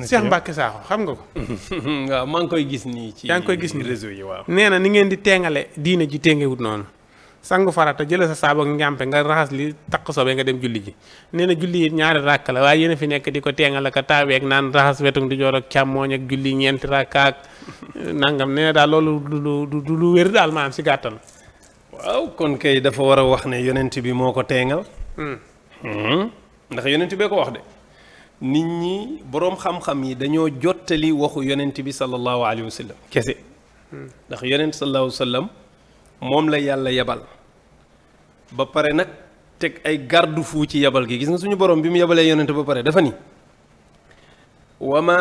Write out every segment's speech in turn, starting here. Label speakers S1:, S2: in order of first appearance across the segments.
S1: Cheikh Mbacke
S2: Sakho xam nga ko. waaw maa ngi koy gis nii ci. yaa ngi koy gis ni réseau yi waaw.
S1: nee na ni ngeen di teengale diine ji teengewut noonu. sangu farata jëlee sa saabu ak njàmpe nga raxas li takk sobe nga dem julli ji nee na julli yi ñaari rakk la waaye yéen fi nekk di ko teengal ak a taaweeg naan raxas wetu di joor ak càmmooñ ak julli ñeenti rakk eh, nangam nee daal loolu du du lu wér daal maanaam si gàttal. waaw kon kay dafa war a wax ne yonent bi moo ko teengal. Hmm.
S2: Hmm. ndax wax nit ñi boroom xam-xam yi dañoo jottali waxu yonent bi sallallahu alayhi wa kese ndax yonent sallallahu alayhi moom la yàlla yebal ba pare nag teg ay garde fuu ci yabal gi gis nga suñu borom bi mu yebalee yonent ba pare dafa ni wama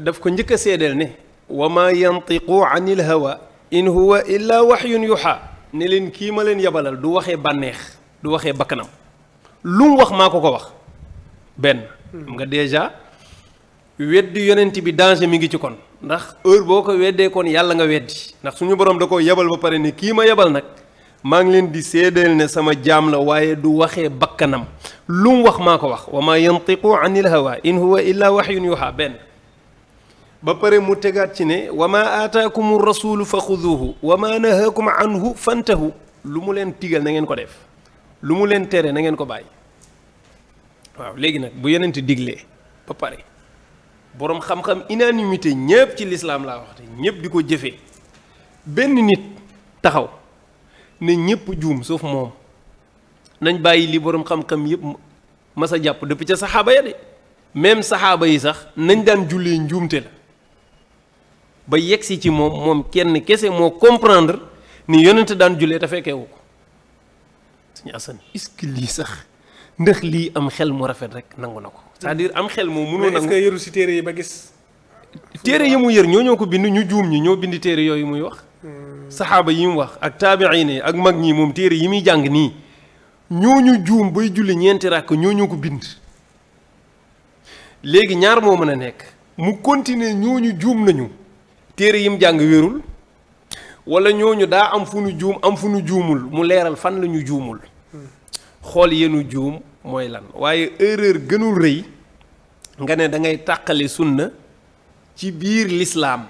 S2: daf ko njëkk a seedeel ne wama yantiqu anil hawa in huwa illa waxyun yuxa ne leen kii ma leen yabalal du waxee bànneex du waxee bakkanam lu mu wax maa ko ko wax benn xam nga déjà weddi yonent bi danger mi ngi ci kon ndax heure boo ko weddee kon yàlla nga weddi ndax suñu borom da ko yebal ba pare ne kii ma yabal nag maa ngi leen di seedeel ne sama jaam la waaye du waxee bakkanam lu mu wax maa ko wax wa maa yantiqu anil hawa in huwa illa waxyun yuha benn ba pare mu tegaat ci ne wa maa aataakum rasulu fa xuduhu wa maa nahaakum anhu fantahu lu mu leen tigal na ngeen ko def lu mu leen tere na ngeen ko bàyyi waaw léegi nag bu yonent diglee ba pare boroom xam-xam unanimité ñëpp ci lislaam laa wax te ñëpp di ko jëfee benn nit taxaw ne ñëpp juum sauf moom nañ bàyyi li boroom xam-xam yëpp mas a jàpp depuis ca saxaaba ya de même saxaaba yi sax nañ daan jullee njuumte la ba yegsi ci moom moom kenn kese moo comprendre ni yonent daan jullee te fekkeewu ko suñu asan est-ce lii sax ndax lii am xel mu rafet rek nangu na ko sax diir am xel moom mënoo nangu est-ce que
S1: si téere yi ba gis
S2: téere yi mu yër ñoo ñoo ko bind ñu juum ñi ñoo bind téere yooyu muy wax hmm. saxaaba yi mu wax ak taabiin yi ak mag ñi moom téere yi muy jàng nii ñooñu juum bay julli ñeenti ràkk ñoo ñu ko bind léegi ñaar moo mën a nekk mu continuer ñooñu juum nañu téere yi mu jàng wérul wala ñooñu daa am fu nu juum am fu nu juumul mu leeral fan la ñu juumul hmm. xool yenu juum mooy lan waaye erreur gënul rëy nga ne da ngay tàqale sunna ci biir lislaam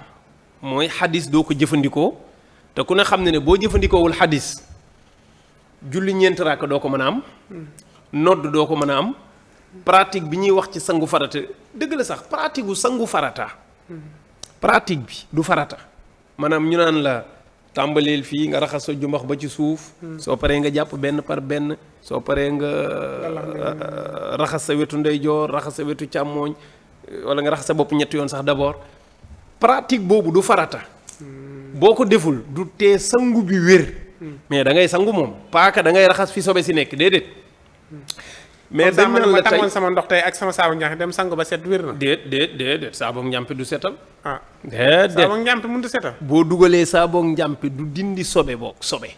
S2: mooy xadis doo ko jëfandikoo te ku ne xam ne ne boo jëfandikoowul xadis julli ñeenti rakk doo ko mën a am hmm. nodd doo ko mën a am pratique bi ñuy wax ci sangu farata dëgg la sax pratique wu sangu farata hmm. pratique bi du farata maanaam ñu naan la tàmbaleel fii nga raxas sa jumbax ba ci suuf. soo paree nga jàpp benn par benn. soo paree nga raxas sa wetu ndeyjoor raxas sa wetu càmmooñ wala nga raxas sa bopp ñetti yoon sax d'abord pratique boobu du farata. Hmm. boo ko deful du te sangu bi wér. Hmm. mais da ngay sangu moom
S1: paaka da ngay raxas fi sobe si nekk déedéet. Hmm. mais dañ naan la tey sama ndox tey ak sama saabu njàmpi dem sangu ba set wér na. déet déet déet saabu njàmpi du setal. ah déet déet saabu
S2: boo dugalee saabu njàmpe du dindi sobe boog sobe.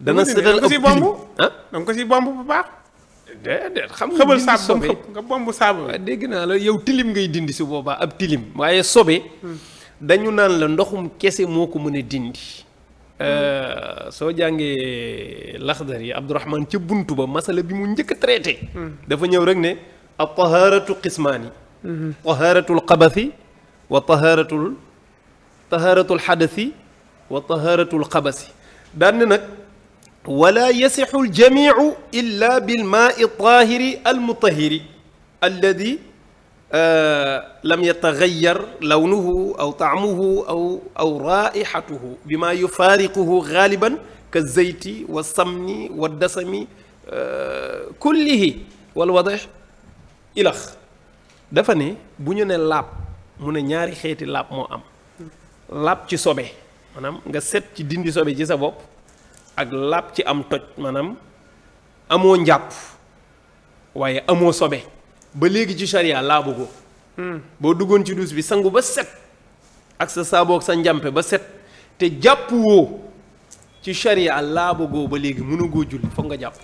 S2: dana setal ëpp bomb ah da si bomb bu
S1: baax. déedéet xam nga xëbal saabu
S2: nga bomb saabu. dégg naa la yow tilim ngay dindi si boobaa ab tilim waaye sobe. Hmm. dañu naan la ndoxum kese moo ko mën a dindi. Eh, soo jàngee laxdar yi Abdourahman ca buntu ba masala bi mu njëkk a traité. Hmm. dafa ñëw rek ne ab taharatu qismaani. Hmm. taharatul xabasi wa taharatul taharatul xadasi wa taharatul xabasi daan na nag. wala yasixu aljamiu illa bilmaai tahiri almutahiri alladi lam yataxayyar lawnuhu aw taamuhu aw aw raihatuhu bi maa yufaariquhu xaaliban ka zeyti wa samni wa dasami euh, kullihi wal wadex ilax dafa ne bu ñu ne laab mu ne ñaari xeeti laab moo am laab ci sobe maanaam nga set ci dindi sobe ci sa bopp ak laab ci am toj maanaam amoo njàpp waaye amoo sobe ba léegi ci charia laabu ko hmm. boo duggoon ci duus bi sangu ba set ak sa saaboog sa njàmpe ba set te jàpp woo ci charia laabu goo ba léegi mënagoo julli foog nga jàpp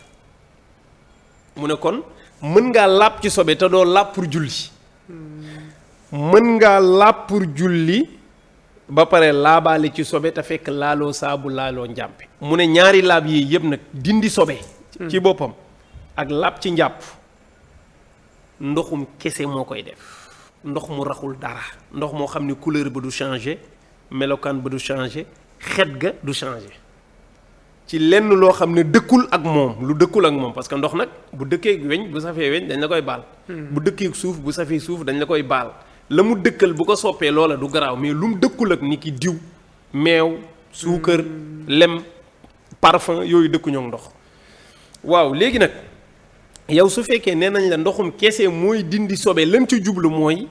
S2: mu ne kon mën ngaa làpp ci sobe te doo laab pour julli hmm. mën ngaa laab pour julli ba pare laabaale ci sobe te fekk laaloo saabu laaloo njàmpe mu ne ñaari laab yii yëpp nag dindi sobe hmm. ci boppam ak laab ci njàpp ndoxum kese moo koy def ndox mu raxul dara ndox moo xam ni couleur ba du changer melokaan ba du changer xet ga du changer ci lenn loo xam ne dëkkul ak moom lu dëkkul ak moom parce que ndox nag bu dëkkee weñ bu safee weñ dañ la koy baal. Hmm. bu dëkkee suuf bu safee suuf dañ la koy baal la mu dëkkal bu ko soppee loola du garaaw mais lu mu dëkkul ak ni ki diw meew suukar hmm. lem parfum yooyu dëkkuñoo ndox waaw léegi nag. yow su fekkee nee nañ la ndoxum kese mooy dindi sobe lam ci jublu mooy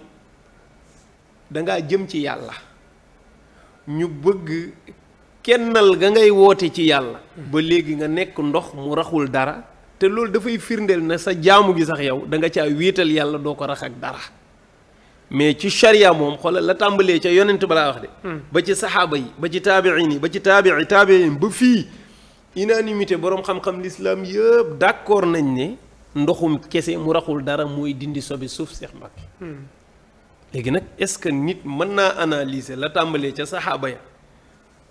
S2: dangaa jëm ci yàlla ñu bëgg kennal ga ngay woote ci yàlla ba léegi nga nekk ndox mu raxul dara te loolu dafay firndeel na sa jaamu gi sax yow da nga caa wéetal yàlla doo ko rax ak dara mais ci charia moom xoolal la tàmbalee ca yonent balaa wax de hmm. ba ci saxaaba yi ba ci taabiin ba ci taabii ba fii unanimité boroom xam-xam lislaam yëpp d'accord nañ ne ndoxum kese mu raxul dara mooy dindi sobe suuf Seex Mbàkke léegi nag est-ce que nit mën naa analyser la tàmbalee ca saxaaba ya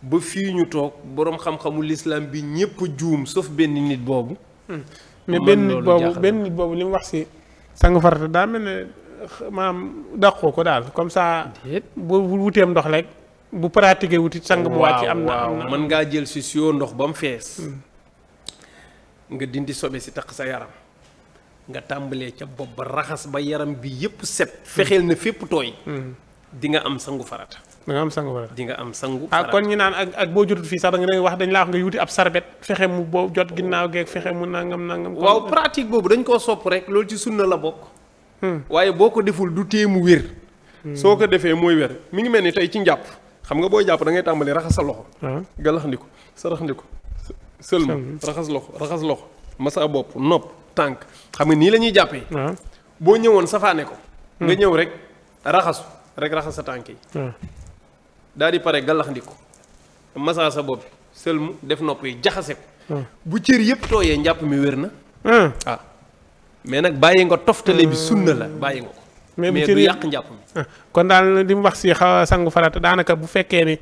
S2: ba fii ñu toog boroom xam-xamu lislaam bi ñépp juum sauf benn nit boobu mais benn nit boobu benn
S1: li mu wax si sangu farata daa mel ne maam dàqoo ko daal comme ça bu wuteem ndox rek bu pratiqué wuti sang mu wàcc am na am na mën ngaa
S2: jël si sio ndox ba mu fees hmm. nga dindi sobe si taq sa yaram nga tàmbalee ca bopp ba raxas ba yaram bi yëpp set. fexeel na fépp tooy. di nga am sangu farata.
S1: di nga am sangu farata
S2: di nga am sangu. ah kon ñu
S1: naan ak ak boo jotut fii sax da nga wax dañ laa wax nga yuti ab sarbet fexe mu boo jot ginnaaw geeg fexe mu nangam nangam. waaw pratique boobu dañ koo sopp rek loolu ci sunna la bokk. Hmm. waaye boo ko deful du tee mu wér. Hmm.
S2: soo ko defee mooy wér mi ngi mel ni tey ci njàpp xam nga booy jàpp da ngay tàmbali raxas sa loxo. Ah. galax ndiku sarax ndiku sëlma raxas loxo raxas loxo. masa bopp nopp tànk xam nga nii lañuy jàppee. Ah. boo ñëwoon safaane ko. Hmm. nga ñëw rek raxasu rek raxas sa tànk yi. Ah. daal di pare gàllaxndiku ko sa bopp sëlmu def nopp yi jaxase ko. Ah. bu cër yëpp tooyee njàpp mi wér na. mais nag bàyyi nga toftale bi sunna la bàyyi nga ko.
S1: mais du yàq njàpp mi kon daal li mu wax si xaw sangu farata daanaka bu fekkee ni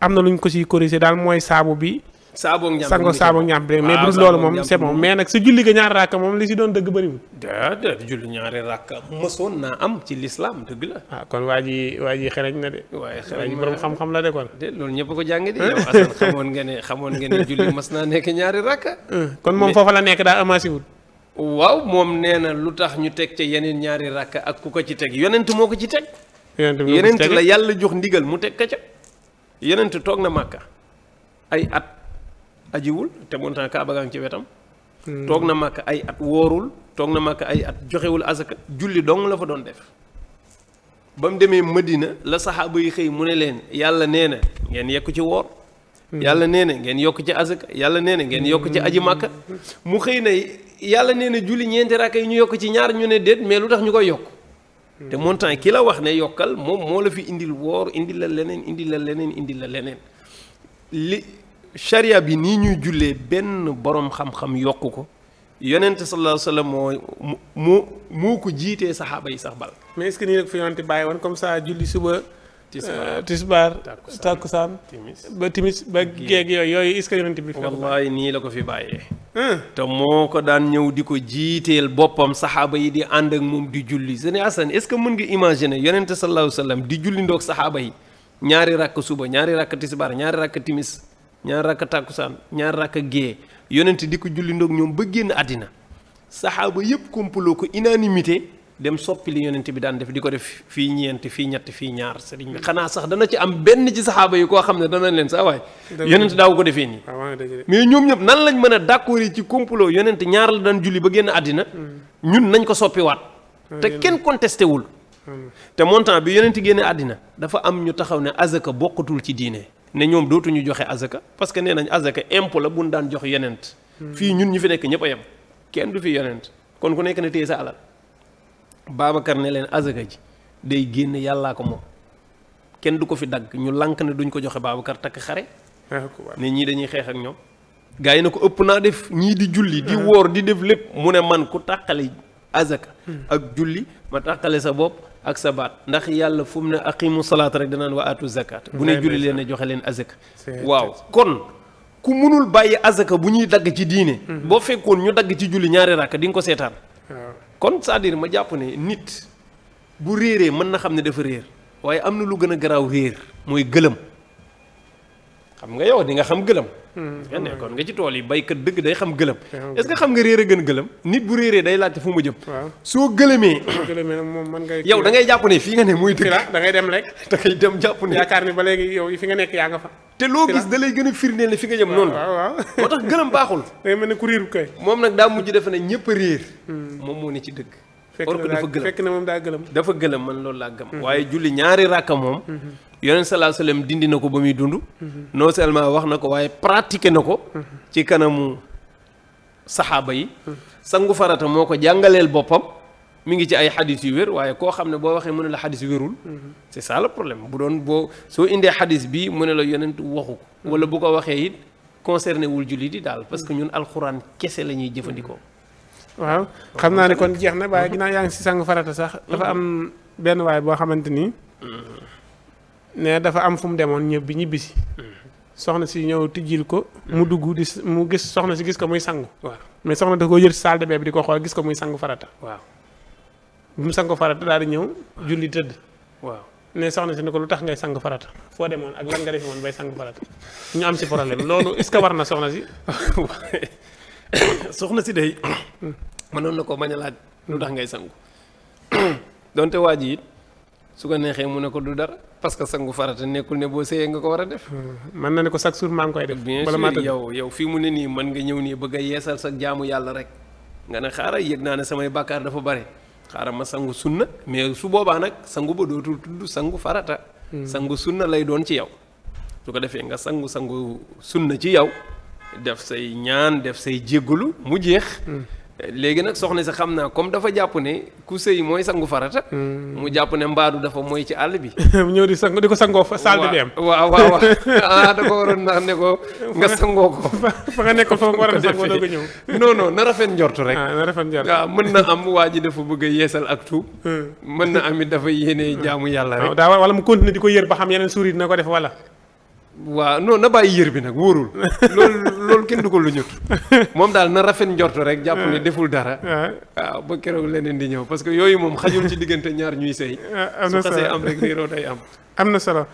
S1: am na lu ñu ko siy corriger daal mooy saabu bi. saaboog ñaam sango saaboog ñaam bi mais bu dul loolu moom c'est mais na si julli ga ñaari rakk moom li si doon dëgg bëriwul
S2: déedéet julli ñaari rakk mësoon naa am ci lislaam dëgg la
S1: ah kon waa ji waa ji xereñ na waaye xereñ borom xam-xam la de kon loolu ñëpp ko jàngi di nga ne xamoon nga ne julli mas naa nekk ñaari rakk kon moom foofa la nekk daa amaasiwul
S2: waaw moom nee na lu tax ñu teg ca yeneen ñaari rakk ak ku ko ci teg yonent moo ko ci teg
S1: yonent la
S2: yàlla jox ndigal mu teg ka ca yonent toog na màkka ay at ajiwul te montant kaaba gaa ci wetam. Hmm. toog na màkk ay at woorul toog na màkk ay at joxewul azaka julli dong la fa doon def ba mu demee Madina la saxaaba yi xëy mu ne leen yàlla nee na ngeen yekku ci woor. Hmm. yàlla nee na ngeen yokk ci azaka yàlla nee na ngeen yokk ci aji màkka mu xëy na yàlla nee na julli ñeenti raaka yi ñu yokk ci ñaar ñu ne déet mais lu tax ñu koy yokk hmm. te montant ki la wax ne yokkal moom moo la fi indil woor indil la leneen indil la leneen indil la leneen li charia bi nii ñuy jullee benn borom xam-xam yokk ko yonent
S1: sallallahu alayhi wa sallam moo moo ko jiitee saxaaba yi sax bal mais est-ce que nii rek fi yonent bàyyi woon comme ça julli suba. tisbaar euh, takkusaan timis ba timis ba géeg yooyu yooyu est-ce que yonent nii la ko fi bàyyee.
S2: te moo ko daan ñëw di ko jiiteel boppam saxaaba yi di ànd ak moom di julli sëñ Assane est-ce que mën nga imaginer yonent sallallahu alayhi wa di julli ndoog saxaaba yi ñaari rakk suba ñaari rakk tisbaar ñaari rakk timis. ñaar rakka tàkkusaan ñaar rakka gée yonent di ko julli ndoog ñoom ba génn àddina saxaaba yëpp kompaloo ko unanimité dem soppi li yonent bi daan def di ko def fii ñeent fii ñett fii ñaar sëriñ bi xanaa sax dana ci am benn ci saxaaba yi koo xam ne danañ leen sax waaye
S1: yonent daaw ko defee nii ah,
S2: mais ñoom ñëpp nan lañ mën a d'accord yi ci kompaloo yonent ñaar la daan julli ba génn àddina hmm. ñun nañ ko soppiwaat ah, te kenn contesté wul hmm. te montant bi yonent génne àddina dafa am ñu taxaw ne azaka bokkatul ci diine ne ñoom ñu joxe azaka parce que nee nañ azaka impôt la bu ñu daan jox yonent fii ñun ñu fi nekk ñëpp a yem kenn du fi yonent kon ku nekk na téye sa alal Babacar ne leen azaka ji day génn yàllaa ko moom kenn du ko fi dagg ñu lànk ne duñ ko joxe Babacar takk xare ah, ne ñii dañuy xeex ak ñoom gars yi na ko ëpp naa def ñii di julli di woor di def lépp mu ne man ku tàqale azaka hmm. ak julli ma tàqale sa bopp ak sa baat ndax yàlla fu mu ne aqimu salaat rek danaan wa aatu zakat bu ne julli leen joxe leen azaka waaw kon ku mënul bàyyi azaka bu ñuy dagg ci diine mhm. boo fekkoon ñu dagg ci julli ñaari ràkk dinga ko seetaan kon cest à ma jàpp ne nit bu réeree mën na xam ne dafa réer waaye am na lu gën a garaaw réer mooy gëlëm xam nga yow di nga xam gëlëm
S1: parce que nekkoon
S2: nga ci tool yi baykat dëgg day xam gëlëm est-ce xam nga réer a gën gëlëm nit bu réeree day laajte fu mu jëm soo gëlëmee yow da ngay jàpp ne fii nga ne muy
S1: dëgg da ngay dem rek da dem jàpp ne yaakaar ni ba léegi yi fi nga nekk yaa nga fa
S2: te loo gis da lay gën a firndeel ne fi nga jëm noonu waaw moo tax gëlëm baaxul day mel ne ku réeru kay moom nag daa mujj defe ne ñëpp a réer hmm. moom moo ne ci dëgg or ko dafa gëlëm na moom daa gëlëm dafa gëlëm man loolu laa gëm waaye julli ñaari ràkka moom yonent salaa sallam dindi na ko ba muy dund non seulement wax na ko waaye pratiqué na ko ci kanamu saxaaba yi sangu farata moo ko jàngaleel boppam mu ngi ci ay xadis yu wér waaye koo xam ne boo waxee mu ne la xadis wérul c'est ça le problème bu doon boo soo indee xadis bi mu ne la yonent waxu ko wala bu ko waxee it concerné wul julli di daal parce que ñun alxuraan kese la ñuy jëfandikoo
S1: waaw xam naa ne kon jeex na waaye ginnaaw yaa ngi si sangu farata sax dafa am benn waay boo xamante ni ne dafa am fu mu demoon ñëpp bi ñibbisi soxna si ñëw tijjil ko mu dugg di mu gis soxna si gis ko muy sangu mais soxna da ko yër si bi di ko xool gis ko muy sangu farata waaw bi mu sangu farata daal di ñëw julli tëdd waaw ne soxna si ne ko lu tax ngay sangu farata foo demoon ak lan nga defe woon bay sang farata ñu am si problème loolu est-ce que war na soxna si soxna si day
S2: mënoon na ko bañ a lu tax ngay sangu donte waa ji it su ko neexee mu ne ko du dara parce que sangu farata nekkul ne boo séyee nga ko war a def. Hmm, mën na ne ko chaque jour maa ngi koy def. bien sûr yow yow fii mu ne nii mën nga ñëw nii bëgg a yeesal sa jaamu yàlla rek nga ne xaaral yëg naa ne samay bàkkaar dafa bare xaaral ma sangu sunna mais su boobaa nag sangu ba dootul tudd sangu farata. Hmm. sangu sunna lay doon ci yow. su ko defee nga sangu sangu sunna ci yow. def say ñaan def say jéggalu mu jeex. Hmm. léegi nag soxna si xam naa comme dafa jàpp ne ku sëy mooy sangu farata. Hmm. mu jàpp ne mbaadu dafa mooy ci àll bi. mu ñëw di sangu di ko sangoo fa saal bi am. waaw waaw waaw ah da ko waroon naan ne ko nga sangoo ko. fa nga nekk fa nga war a sangoo doog a ñëw. non non na rafet njort rek. ah na rafet njort waaw ah, mën na am waa ji dafa bëgg a yeesal ak tuub. Hmm. mën na am it dafa yéene jaamu yàlla rek. Ah, daa wala mu continuer di ko yër ba xam yeneen suur yi dina ko def wala. waaw non na bàyyi yër bi nag wóorul loolu loolu kenn du ko lu ñut moom daal na rafet njorto rek jàpp ne deful dara ah. waaw ba keroog leneen di ñëw parce que yooyu moom xajul ci diggante ñaar ñuy sëy ah, su xasee am rek réeroo day am
S1: am na solo